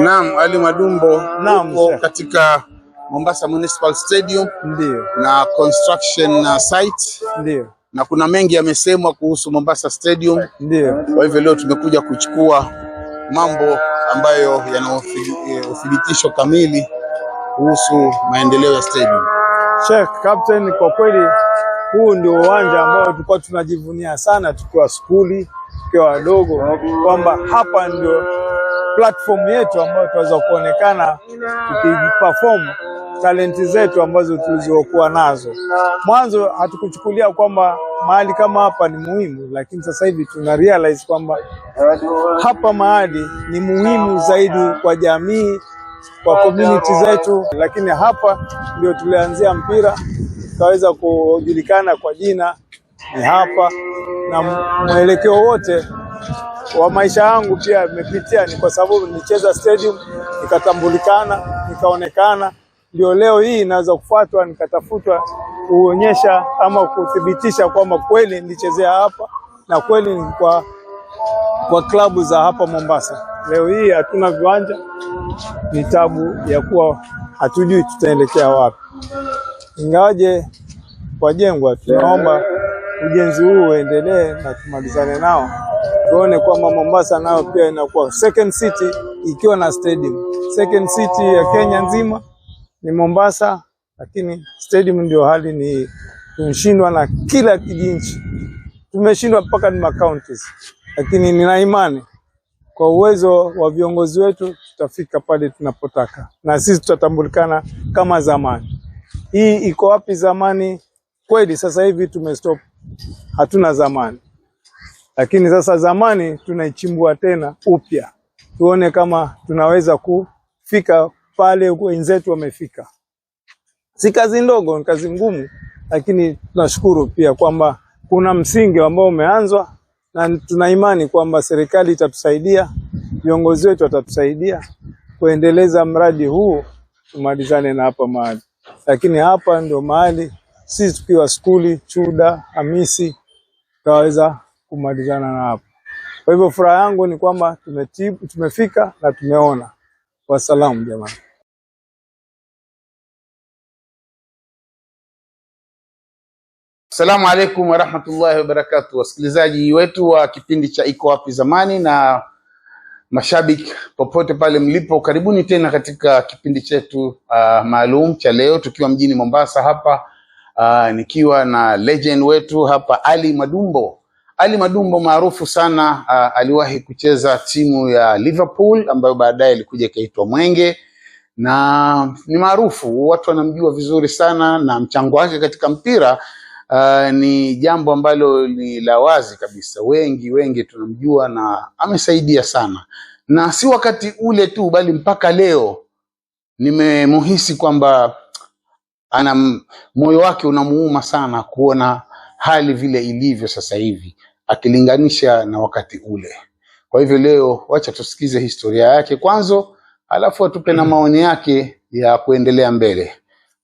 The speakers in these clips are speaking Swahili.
Naam, Ali Mwadumbo uko katika Mombasa Municipal Stadium. Ndiyo. na construction uh, site. Ndiyo. na kuna mengi yamesemwa kuhusu Mombasa Stadium. Ndiyo. Kwa hivyo leo tumekuja kuchukua mambo ambayo yana eh, uthibitisho kamili kuhusu maendeleo ya stadium. Sheikh Captain, kwa kweli huu ndio uwanja ambao tulikuwa tunajivunia sana tukiwa skuli, tukiwa wadogo kwamba hapa ndio platform yetu ambayo tunaweza kuonekana tukiperform talenti zetu ambazo tulizokuwa nazo. Mwanzo hatukuchukulia kwamba mahali kama hapa ni muhimu, lakini sasa hivi tuna realize kwamba hapa mahali ni muhimu zaidi kwa jamii, kwa community zetu. Lakini hapa ndio tulianzia mpira, tukaweza kujulikana kwa jina ni hapa, na mwelekeo wote wa maisha yangu pia imepitia ni kwa sababu nilicheza stadium, nikatambulikana, nikaonekana, ndio leo hii inaweza kufuatwa, nikatafutwa kuonyesha ama kuthibitisha kwamba kweli nilichezea hapa na kweli ni kwa, kwa klabu za hapa Mombasa. Leo hii hatuna viwanja, ni tabu ya kuwa hatujui tutaelekea wapi, ingawaje wajengwa, tunaomba ujenzi huu uendelee na tumalizane nao tuone kwamba Mombasa nayo pia inakuwa second city ikiwa na stadium. Second city ya Kenya nzima ni Mombasa, lakini stadium ndio hali ni hii. na kila kijiji, tumeshindwa mpaka ni counties, lakini nina imani kwa uwezo wa viongozi wetu tutafika pale tunapotaka, na sisi tutatambulikana kama zamani. Hii iko wapi zamani? Kweli sasa hivi tumestop, hatuna zamani lakini sasa zamani tunaichimbua tena upya, tuone kama tunaweza kufika pale wenzetu wamefika. Si kazi ndogo, ni kazi ngumu, lakini tunashukuru pia kwamba kuna msingi ambao umeanzwa, na tuna imani kwamba serikali itatusaidia, viongozi wetu watatusaidia kuendeleza mradi huu, tumalizane na hapa mahali. Lakini hapa ndio mahali sisi tukiwa skuli Chuda Hamisi tutaweza kumalizana na hapo. Kwa hivyo furaha yangu ni kwamba tumetibu, tumefika na tumeona. Wasalamu jamani. Asalamu alaikum warahmatullahi wabarakatu, wasikilizaji wetu wa kipindi cha Iko Wapi Zamani na mashabiki popote pale mlipo, karibuni tena katika kipindi chetu uh, maalum cha leo, tukiwa mjini Mombasa hapa uh, nikiwa na legend wetu hapa Ali Madumbo ali Madumbo maarufu sana uh, aliwahi kucheza timu ya Liverpool ambayo baadaye ilikuja ikaitwa Mwenge na ni maarufu, watu wanamjua vizuri sana, na mchango wake katika mpira uh, ni jambo ambalo ni la wazi kabisa. Wengi wengi tunamjua na amesaidia sana, na si wakati ule tu, bali mpaka leo nimemuhisi kwamba ana moyo wake unamuuma sana kuona hali vile ilivyo sasa hivi akilinganisha na wakati ule. Kwa hivyo leo, wacha tusikize historia yake kwanza, alafu atupe na mhm. maoni yake ya kuendelea mbele.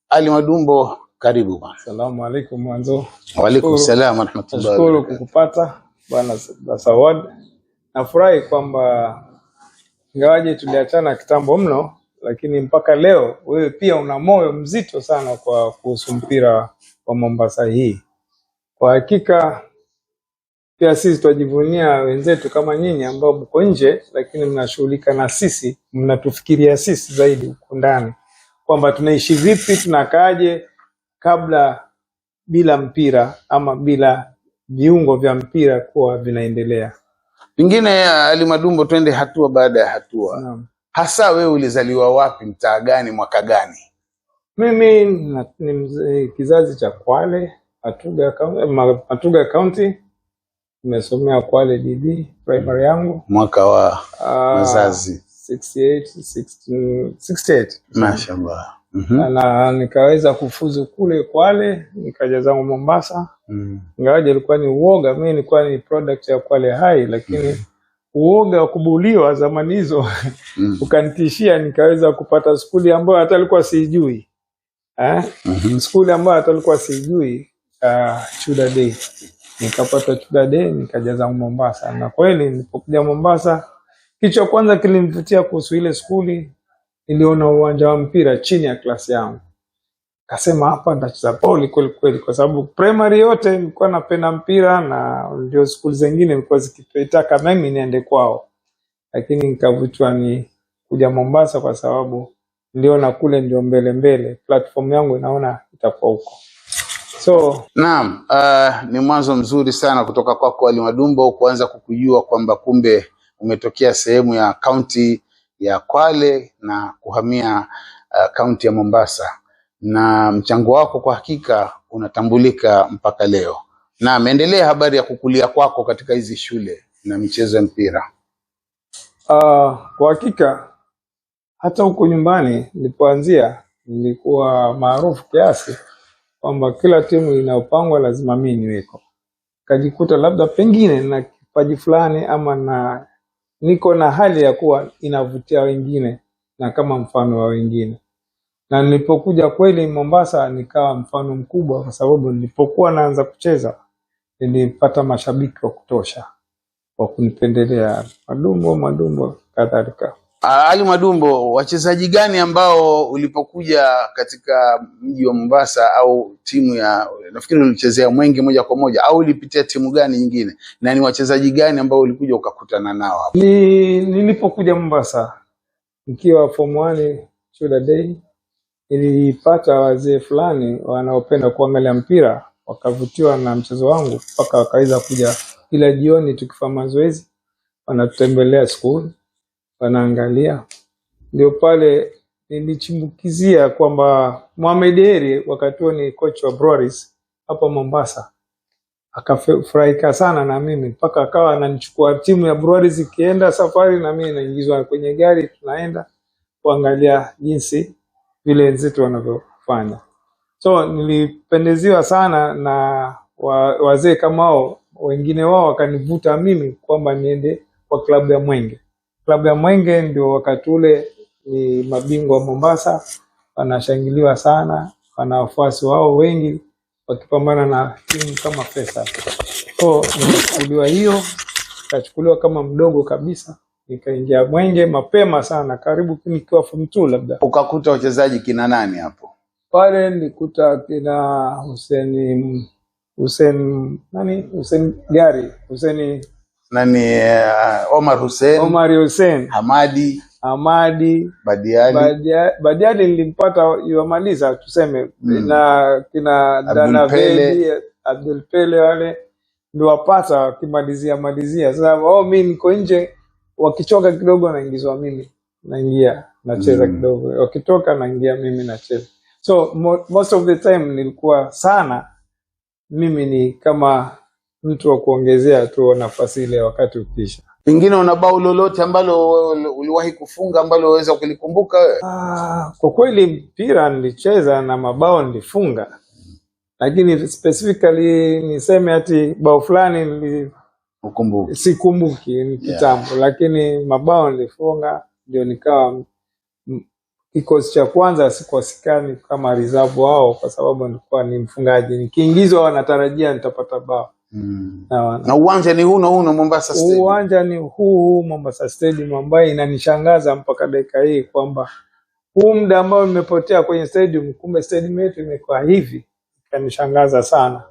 Ali Madumbo, karibu bwana. Asalamu alaykum mwanzo. Wa alaykum salaam warahmatullahi. Nashukuru kukupata bwana Sawad. Nafurahi kwamba ingawaje tuliachana kitambo mno, lakini mpaka leo wewe pia una moyo mzito sana kwa kuhusu mpira wa Mombasa hii. Kwa hakika pia sisi twajivunia wenzetu kama nyinyi ambao mko nje, lakini mnashughulika na sisi, mnatufikiria sisi zaidi huko ndani, kwamba tunaishi vipi, tunakaaje kabla bila mpira ama bila viungo vya mpira kuwa vinaendelea. Pengine eh, Ali Madumbo, twende hatua baada ya hatua. Naam. Hasa wewe ulizaliwa wapi, mtaa gani, mwaka gani? Mimi ni kizazi cha Kwale, Matuga County, Matuga County Nimesomea Kwale DB primary yangu mwaka wa ah, mzazi 68 68, 68. Mashaallah. Mm -hmm. Na nikaweza kufuzu kule Kwale, nikaja zangu Mombasa. mm -hmm. Ingawaje ilikuwa ni uoga, mimi nilikuwa ni product ya Kwale hai, lakini mm -hmm. uoga wa kubuliwa zamani hizo mm -hmm. ukanitishia, nikaweza kupata skuli ambayo hata alikuwa sijui eh? mm -hmm. skuli ambayo hata alikuwa sijui uh, Chuda Day nikapata kibade nikajaza Mombasa, na kweli nilipokuja Mombasa, kicho kwanza kilinivutia kuhusu ile skuli, niliona uwanja wa mpira chini ya klasi yangu, kasema hapa nitacheza boli kweli kweli, kwa sababu primary yote nilikuwa napenda mpira na ndio skuli zingine nilikuwa zikitaka mimi niende kwao, lakini nikavutwa ni kuja Mombasa kwa sababu niliona kule ndio mbele mbele, platform yangu inaona itakuwa huko. So naam, uh, ni mwanzo mzuri sana kutoka kwako kwa alimadumbo kuanza kukujua kwamba kumbe umetokea sehemu ya kaunti ya Kwale na kuhamia ah, kaunti uh, ya Mombasa, na mchango wako kwa hakika unatambulika mpaka leo. na endelea habari ya kukulia kwako katika hizi shule na michezo ya mpira. Uh, kwa hakika hata huko nyumbani nilipoanzia nilikuwa maarufu kiasi kwamba kila timu inayopangwa lazima mimi niweko, kajikuta labda pengine na kipaji fulani ama na niko na hali ya kuwa inavutia wengine na kama mfano wa wengine. Na nilipokuja kweli Mombasa nikawa mfano mkubwa, kwa sababu nilipokuwa naanza kucheza nilipata mashabiki wa kutosha wa kunipendelea, madumbo madumbo kadhalika. Ali Mwadumbo, wachezaji gani ambao ulipokuja katika mji wa Mombasa au timu ya nafikiri ulichezea Mwenge moja kwa moja au ulipitia timu gani nyingine, na ni wachezaji gani ambao ulikuja ukakutana nao hapo? Ni, nilipokuja Mombasa nikiwa form 1 shule day, nilipata wazee fulani wanaopenda kuangalia mpira, wakavutiwa na mchezo wangu mpaka wakaweza kuja kila jioni, tukifanya mazoezi wanatutembelea skuli wanaangalia, ndio pale nilichimbukizia kwamba Mohamed Heri wakati huo ni kocha wa Broaries hapa Mombasa, akafurahika sana na mimi mpaka akawa ananichukua timu ya Broaries ikienda safari, na mimi naingizwa kwenye gari, tunaenda kuangalia jinsi vile wenzetu wanavyofanya. So nilipendeziwa sana na wa, wazee kama hao, wengine wao wakanivuta mimi kwamba niende kwa klabu ya Mwenge. Klabu ya Mwenge ndio wakati ule ni mabingwa wa Mombasa, wanashangiliwa sana, wana wafuasi wao wengi wakipambana na timu kama pesa ko so, nikachukuliwa hiyo, nikachukuliwa kama mdogo kabisa, nikaingia Mwenge mapema sana, karibu nikiwa form two labda. Ukakuta wachezaji kina nani hapo? Pale nilikuta kina Hussein Hussein nani Hussein Gari Hussein nani uh, Omar Hussein, Omar Hussein, Hamadi Hamadi Badiali Badia, Badiali nilimpata yuamaliza tuseme mm. na kina Danaveli Abdul Pele wale ndiwapata wakimalizia malizia. Sasa oh, mi niko nje, wakichoka kidogo naingizwa mimi, naingia nacheza mm. kidogo, wakitoka naingia mimi nacheza. So mo, most of the time nilikuwa sana mimi ni kama mtu wa kuongezea tu nafasi ile wakati ukiisha. Pengine una bao lolote ambalo uliwahi kufunga ambalo unaweza kulikumbuka wewe? Ah, kwa kweli mpira nilicheza na mabao nilifunga, lakini specifically niseme ati bao fulani nili ukumbuki, sikumbuki ni kitambo yeah. Lakini mabao nilifunga ndio nikawa kikosi cha kwanza sikosikani kama reserve wao, kwa sababu nilikuwa ni mfungaji, nikiingizwa wanatarajia nitapata bao na, uwanja ni huu na huu na Mombasa Stadium. Uwanja ni huu huu Mombasa Stadium ambaye inanishangaza mpaka dakika hii kwamba huu muda ambao nimepotea kwenye stadium, kumbe stadium yetu imekuwa hivi, ikanishangaza sana.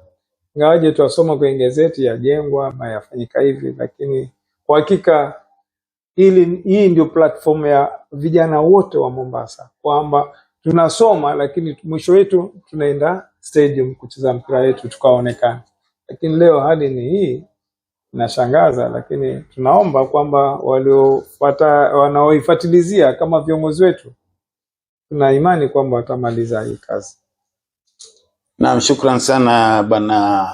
Ingawaje tuwasoma kwenye gazeti ya jengwa ama yafanyika hivi, lakini kwa hakika hili hii ndio platform ya vijana wote wa Mombasa kwamba tunasoma, lakini mwisho wetu tunaenda stadium kucheza mpira wetu tukaonekana. Lakini leo hali ni hii, inashangaza. Lakini tunaomba kwamba waliofuata, wanaoifuatilizia kama viongozi wetu, tuna imani kwamba watamaliza hii kazi. Naam, shukran sana Bwana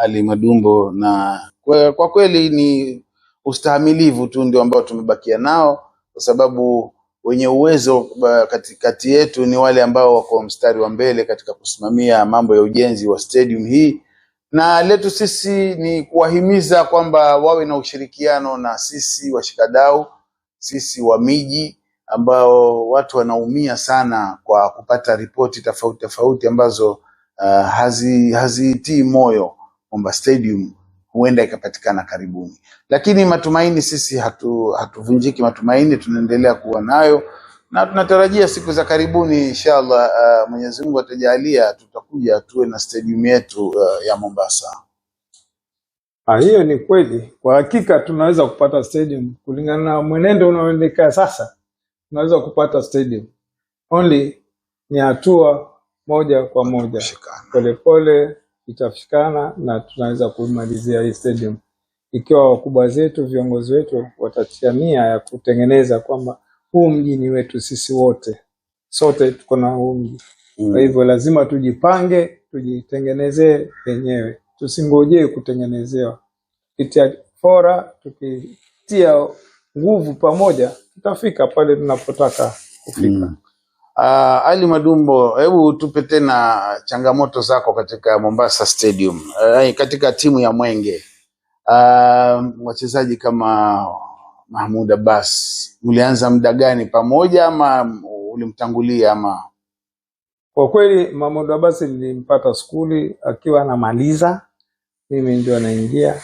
Ali Madumbo, na kwa, kwa kweli ni ustahamilivu tu ndio ambao tumebakia nao, kwa sababu wenye uwezo kati, kati yetu ni wale ambao wako mstari wa mbele katika kusimamia mambo ya ujenzi wa stadium hii na letu sisi ni kuwahimiza kwamba wawe na ushirikiano na sisi washikadau, sisi wa miji ambao watu wanaumia sana kwa kupata ripoti tofauti tofauti ambazo uh, hazitii hazi moyo kwamba stadium huenda ikapatikana karibuni, lakini matumaini sisi hatu hatuvunjiki, matumaini tunaendelea kuwa nayo na tunatarajia siku za karibuni inshallah, uh, Mwenyezi Mungu atajalia, tutakuja tuwe na stadium yetu uh, ya Mombasa. Ah, hiyo ni kweli, kwa hakika tunaweza kupata stadium kulingana na mwenendo unaoendelea sasa, tunaweza kupata stadium only ni hatua moja kwa moja, polepole itafikana na tunaweza kuimalizia hii stadium ikiwa wakubwa zetu, viongozi wetu watatia nia ya kutengeneza kwamba huu mji ni wetu sisi wote, sote tuko na huu mji mm. Kwa hivyo lazima tujipange, tujitengenezee wenyewe, tusingojee kutengenezewa. Tukitia fora, tukitia nguvu pamoja, tutafika pale tunapotaka kufika mm. Uh, Ali Madumbo, hebu tupe tena changamoto zako katika Mombasa Stadium, uh, katika timu ya Mwenge, uh, wachezaji kama Mahmud Abbas, ulianza muda gani pamoja ama ulimtangulia ama? Kwa kweli Mahmud Abbas nilimpata skuli akiwa anamaliza, mimi ndio anaingia,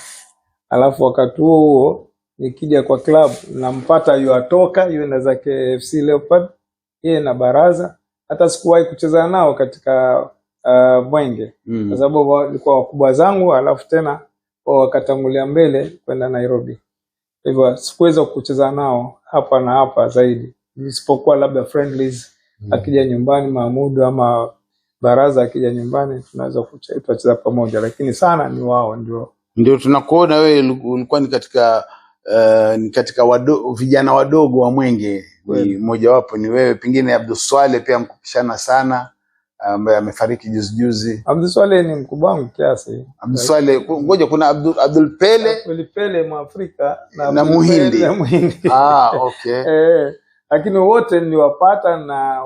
alafu wakati huo huo nikija kwa club nampata, yuatoka yuenda zake FC Leopard, yeye na Baraza. Hata sikuwahi kucheza nao katika uh, mm -hmm. kwa sababu walikuwa wakubwa zangu, alafu tena wakatangulia mbele kwenda Nairobi hivyo sikuweza kucheza nao hapa na hapa zaidi, isipokuwa labda friendlies mm. akija nyumbani maamudu ama Baraza akija nyumbani tunaweza kucheza pamoja, lakini sana ni wao ndio ndio tunakuona wewe ulikuwa ni katika uh, ni katika wado, vijana wadogo wa Mwenge, ni ni wewe, pengine abduswale pia mkupishana sana ambaye amefariki juzi juzi. Abdulswale ni mkubwa wangu kiasi. Abdulswale ngoja, kuna Abdul Abdul Pele, Abdul Pele Mwafrika na, na Muhindi. Na Muhindi. Ah, okay. Eh, lakini wote niliwapata na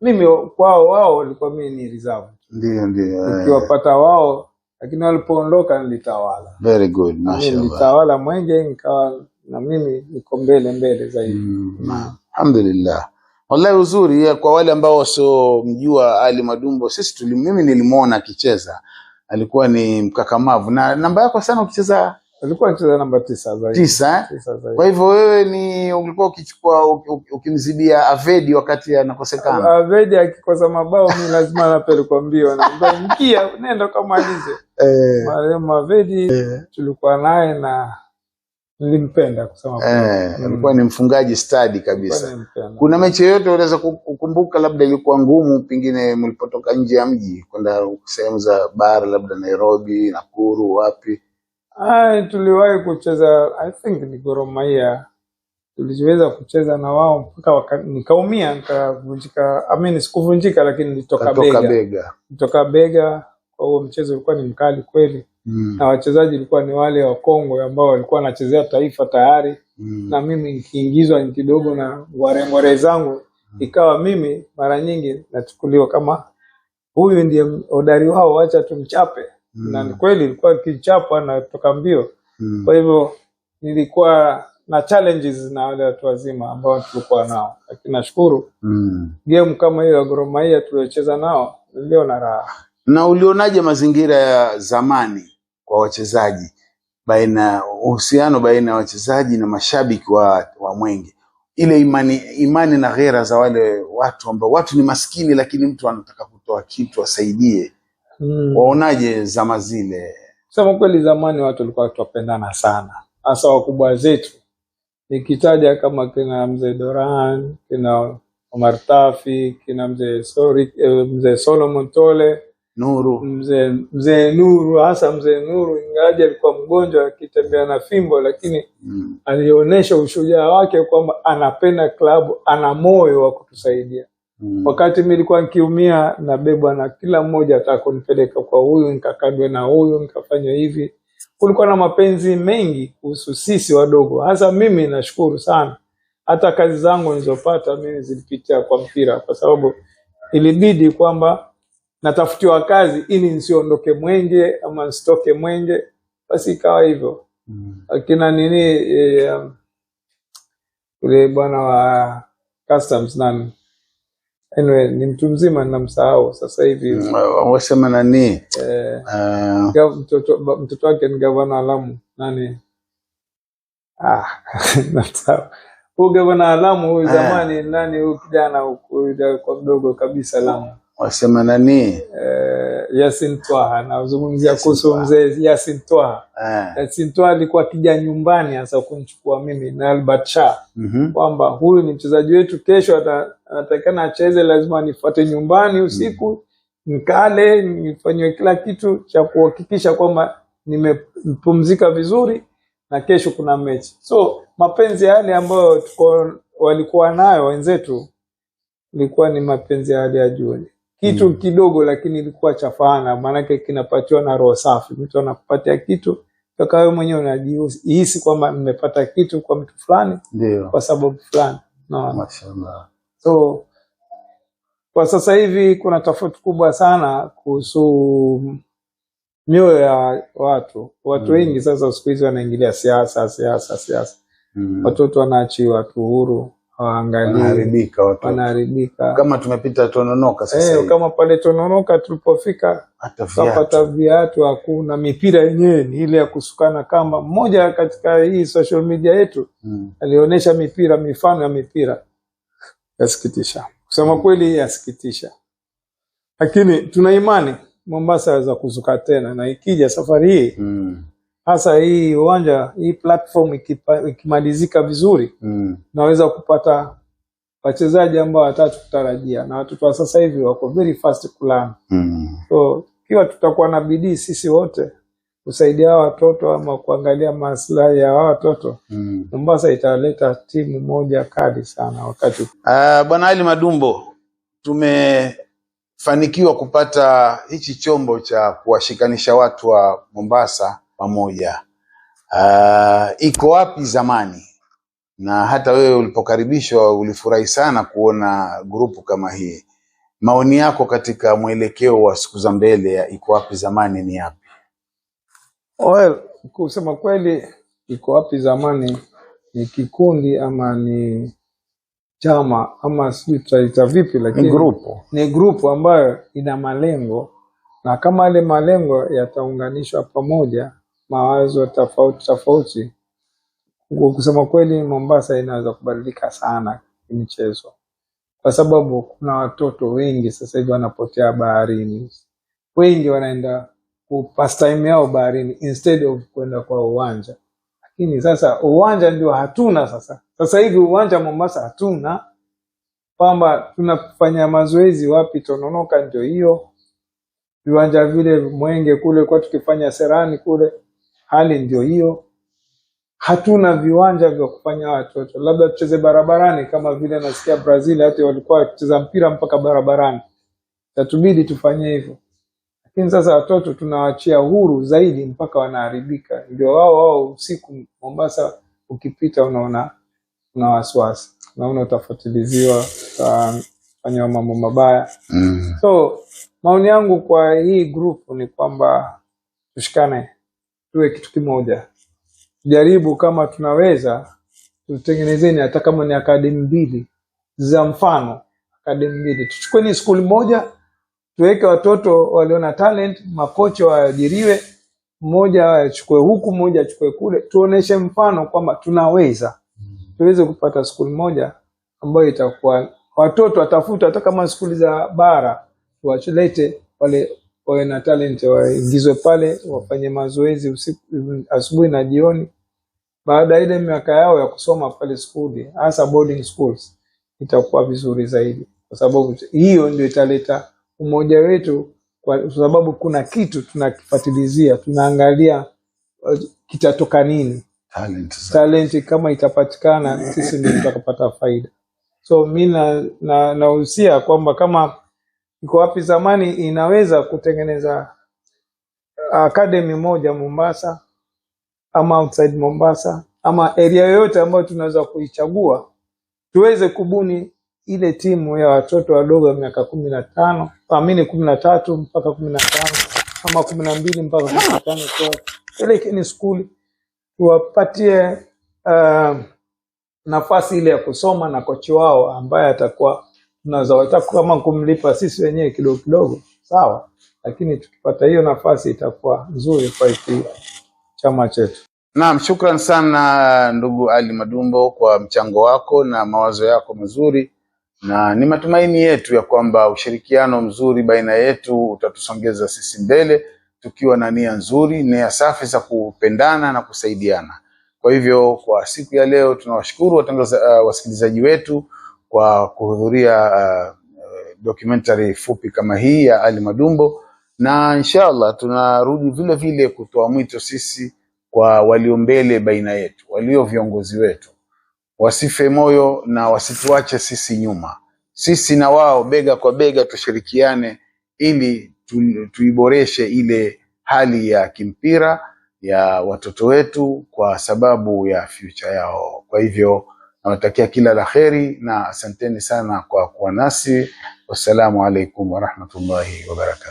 mimi kwao, wao walikuwa mimi ni reserve. Ndio, ndio. Eh. Nikiwapata wao lakini walipoondoka nilitawala. Very good, mashallah. Nilitawala Mwenge nikawa na mimi niko mbele mbele zaidi. Mm. mm. Alhamdulillah. Wallahi uzuri ya kwa wale ambao wasiomjua Ali Mwadumbo, sisi tuli, mimi nilimuona akicheza, alikuwa ni mkakamavu na namba yako sana ukicheza alikuwa anacheza namba tisa zaidi. Tisa, eh? Tisa zaidi. Kwa hivyo wewe ni ulikuwa ukichukua ukimzibia Avedi wakati anakosekana. Avedi akikosa mabao mimi lazima napeli kwa mbio na mkia nenda kama alize. Eh. Marehemu Avedi eh, tulikuwa naye na nilimpenda kusema eh, mm. alikuwa ni mfungaji stadi kabisa. Kuna mechi yoyote unaweza kukumbuka, labda ilikuwa ngumu, pengine mlipotoka nje ya mji kwenda sehemu za bara, labda Nairobi, Nakuru, wapi? Ah, tuliwahi kucheza I think ni Gor Mahia, tuliweza kucheza na wao mpaka nikaumia, nikavunjika. I mean sikuvunjika, lakini nilitoka bega, nilitoka bega. Kwa hiyo mchezo ulikuwa ni mkali kweli mm. na wachezaji ilikuwa ni wale wakongwe ambao walikuwa wanachezea taifa tayari mm. na mimi nikiingizwa kidogo na warengware zangu mm. ikawa mimi mara nyingi nachukuliwa kama huyu ndiye hodari wao, wacha tumchape mm. na ni kweli ilikuwa kichapwa na toka mbio mm. kwa hivyo nilikuwa na challenges na wale watu wazima ambao tulikuwa nao, lakini nashukuru mm. game kama hiyo ya Gor Mahia tuliocheza nao nilio na raha. Na ulionaje mazingira ya zamani kwa wachezaji baina uhusiano baina ya wachezaji na mashabiki wa, wa Mwenge, ile imani, imani na ghera za wale watu ambao watu ni maskini, lakini mtu anataka kutoa kitu asaidie. Hmm. Waonaje zama zile? Sema kweli, zamani watu walikuwa tuwapendana sana, hasa wakubwa zetu, nikitaja kama kina mzee Doran, kina Omar Tafi, kina mzee sorry, eh, mzee Solomon Tole Nuru mzee mzee Nuru, hasa mzee Nuru, ingawaje alikuwa mgonjwa akitembea na fimbo, lakini mm. alionyesha ushujaa wake kwamba anapenda klabu, ana moyo wa kutusaidia mm. Wakati nilikuwa nikiumia, nabebwa na kila mmoja, ataka kunipeleka kwa huyu, nikakadwe na huyu, nikafanywa hivi. Kulikuwa na mapenzi mengi kuhusu sisi wadogo, hasa mimi. Nashukuru sana, hata kazi zangu nilizopata mimi zilipitia kwa mpira, kwa sababu ilibidi kwamba natafutiwa kazi ili nsiondoke Mwenge ama nsitoke Mwenge, basi ikawa hivyo mm. Akina nini e, um, yule bwana wa customs nani, anyway, ni mtu mzima namsahau sasa hivi mm, wasema nani eh, uh, mtoto mtoto wake ni gavana Alamu nani ah, namsahau huyu gavana Alamu Lamu huyu ah. zamani nani, huyu kijana kwa mdogo kabisa Alamu Lamu wasema nani? Uh, Yasin Twaha, nazungumzia kuhusu mzee Yasin Twaha. Eh. Yasin Twaha alikuwa akija nyumbani hasa kumchukua mimi na Albert Cha mhm. kwamba mm -hmm. huyu ni mchezaji wetu, kesho anatakikana acheze, lazima nifuate nyumbani usiku mm -hmm. nikale, nifanyiwe kila kitu cha kuhakikisha kwamba nimepumzika vizuri na kesho kuna mechi. So mapenzi yale ambayo tuko walikuwa nayo wenzetu ilikuwa ni mapenzi ya hali ya juu kitu mm. kidogo, lakini ilikuwa cha faana, maanake kinapatiwa na roho safi. Mtu anakupatia kitu mpaka wewe mwenyewe unajihisi kwamba mmepata kitu kwa mtu fulani, kwa sababu fulani no. So kwa sasa hivi kuna tofauti kubwa sana kuhusu mioyo ya watu. Watu mm. wengi mm. sasa siku hizi wanaingilia siasa, siasa, siasa mm. watoto wanaachiwa tu huru hawaangalii, wanaharibika. Kama tumepita Tononoka sasa hey, eh, kama pale Tononoka tulipofika tukapata viatu hakuna, mipira yenyewe ni ile ya kusukana kamba. Mmoja katika hii social media yetu hmm, alionyesha mipira, mifano ya mipira, yasikitisha kusema hmm, kweli yasikitisha, lakini tuna imani Mombasa aweza kuzuka tena, na ikija safari hii hmm hasa hii uwanja hii platform ikimalizika vizuri mm. naweza kupata wachezaji ambao hawatatutarajia na watoto wa sasa hivi wako very fast kulana mm. so kiwa tutakuwa na bidii sisi wote kusaidia watoto ama kuangalia maslahi ya watoto mm. Mombasa italeta timu moja kali sana wakati uh, Bwana Ali Madumbo, tumefanikiwa kupata hichi chombo cha kuwashikanisha watu wa Mombasa pamoja. Uh, iko wapi zamani? Na hata wewe ulipokaribishwa ulifurahi sana kuona grupu kama hii. Maoni yako katika mwelekeo wa siku za mbele ya iko wapi zamani ni yapi? Well, kusema kweli, iko wapi zamani ni kikundi ama ni chama ama sijui tutaita vipi, lakini grupu. Ni grupu ambayo ina malengo na kama yale malengo yataunganishwa pamoja mawazo tofauti tofauti. Kusema kweli, Mombasa inaweza kubadilika sana michezo, kwa sababu kuna watoto wengi sasa hivi wanapotea baharini, wengi wanaenda pastime yao baharini instead of kwenda kwa uwanja. Lakini sasa uwanja ndio hatuna sasa. Sasa hivi uwanja Mombasa hatuna, kwamba tunafanya mazoezi wapi? Tononoka ndio hiyo viwanja vile Mwenge kule kwa tukifanya Serani kule hali ndio hiyo, hatuna viwanja vya kufanya watoto, labda tucheze barabarani, kama vile nasikia Brazil hata walikuwa wakicheza mpira mpaka barabarani. Tatubidi tufanye hivyo, lakini sasa watoto tunawaachia huru zaidi mpaka wanaharibika. Ndio wao wao usiku Mombasa ukipita unaona una wasiwasi, unaona utafuatiliziwa, utafanyiwa mambo mabaya mm. So maoni yangu kwa hii grupu ni kwamba tushikane tuwe kitu kimoja, jaribu kama tunaweza, tutengenezeni hata kama ni akademi mbili za mfano, akademi mbili, tuchukueni skuli moja, tuweke watoto waliona talent, makocha waajiriwe, mmoja achukue huku, mmoja achukue kule, tuoneshe mfano kwamba tunaweza, tuweze kupata skuli moja ambayo itakuwa watoto watafuta hata kama skuli za bara, tuwalete wale wawe na talent waingizwe pale wafanye mazoezi usiku, asubuhi na jioni. Baada ya ile miaka yao ya kusoma pale skuli, hasa boarding schools, itakuwa vizuri zaidi, kwa sababu hiyo ndio italeta umoja wetu, kwa sababu kuna kitu tunakifatilizia, tunaangalia uh, kitatoka nini. Talent, talent kama itapatikana, sisi ndio tutakapata faida. So mi nahusia na kwamba kama Iko Wapi Zamani inaweza kutengeneza academy moja Mombasa ama outside Mombasa ama area yoyote ambayo tunaweza kuichagua tuweze kubuni ile timu ya watoto wadogo wa miaka kumi na tano amini kumi na tatu mpaka kumi na tano ama kumi na mbili mpaka kumi na tano tuwapelekeni skuli tuwapatie uh, nafasi ile ya kusoma na kochi wao ambaye atakuwa tunaweza wataka kama kumlipa sisi wenyewe kidogo kidogo, sawa, lakini tukipata hiyo nafasi itakuwa nzuri kwa hiki chama chetu. Naam, shukran sana ndugu Ali Madumbo kwa mchango wako na mawazo yako mazuri, na ni matumaini yetu ya kwamba ushirikiano mzuri baina yetu utatusongeza sisi mbele tukiwa na nia nzuri, nia safi za kupendana na kusaidiana. Kwa hivyo kwa siku ya leo tunawashukuru watangaza, uh, wasikilizaji wetu kwa kuhudhuria uh, documentary fupi kama hii ya Ali Madumbo, na inshallah tunarudi vile vile kutoa mwito sisi kwa walio mbele baina yetu, walio viongozi wetu, wasife moyo na wasituache sisi nyuma. Sisi na wao bega kwa bega tushirikiane ili tu, tuiboreshe ile hali ya kimpira ya watoto wetu kwa sababu ya future yao. Kwa hivyo nawatakia kila la kheri na asanteni sana kwa kuwa nasi. Wassalamu alaikum warahmatullahi wabarakatu.